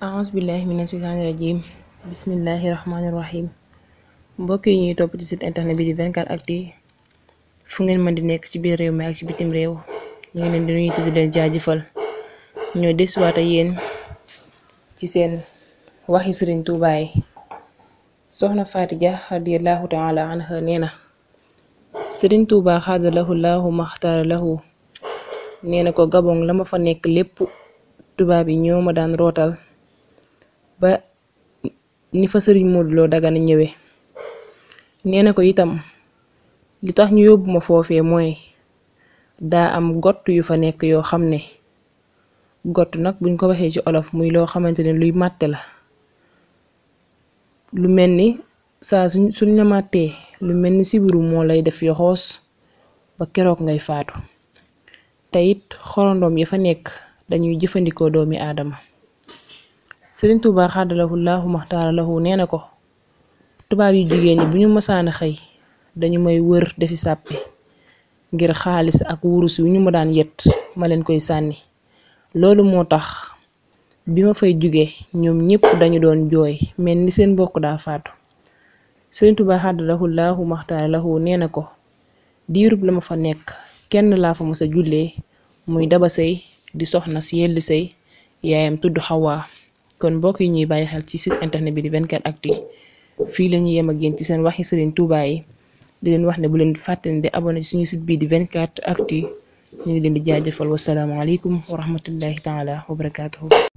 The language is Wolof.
ahosbillahi mina seytaani rajim bismillahi rahmaani rahim mbokk yi ñuy topp ci site internet bi di 24 fu ngeen mën di nekk ci biir réew mi ak ci bitim réew ñu di nuyu di jaajëfal ñoo desuwaat ak yéen ci seen waxi sëriñ tuubaay soxna Faati Dia radiyallahu taala anha nee na sëriñ Tuubaa xaada lahu laahu maxtaara lahu nee na ko gabon lama fa nekk lépp tubaab yi ñoo ma daan rootal ba ni fa sëriñ Modou Dagana ñëwe nee na ko itam li tax ñu yóbbu ma foofee mooy daa am gott yu fa nekk yoo xam ne gott nag buñ ko waxee ci olof muy loo xamante ne luy màtte la lu mel ni saa suñ suñ la màttee lu mel ni sibiru moo lay def yoxoos ba keroog ngay faatu te it xorondoom yi fa nekk dañuy jëfandikoo doomi aadama Sëriñ Tuubaa xaadalahu laahu maxtaara lahu nee na ko tubaab yu jigéen ñi bu ñu mësaana xëy dañu may wër defi sàppi ngir xaalis ak wurus yu ñu ma daan yet ma leen koy sànni loolu moo tax bi ma fay jóge ñoom ñëpp dañu doon jooy mel ni seen bokk daa faatu Sëriñ Tuubaa xaadalahu laahu maxtaara lahu nee na ko diirub la ma fa nekk kenn laa fa mos a jullee muy daba sëy di soxna si yelli sëy yaayam tudd xawaa kon mbokk yi ñuy bàyyi xel ci site internet bi di 24actu fii la ñuy yem ak yéen ci seen waxi Serigne Touba yi di leen wax ne bu leen fàtte ne di abonné ci suñu site bii di 24actu ñu ngi leen di jaajëfal wasalaamaaleykum wa rahmatullahi taala wa barakaatuhu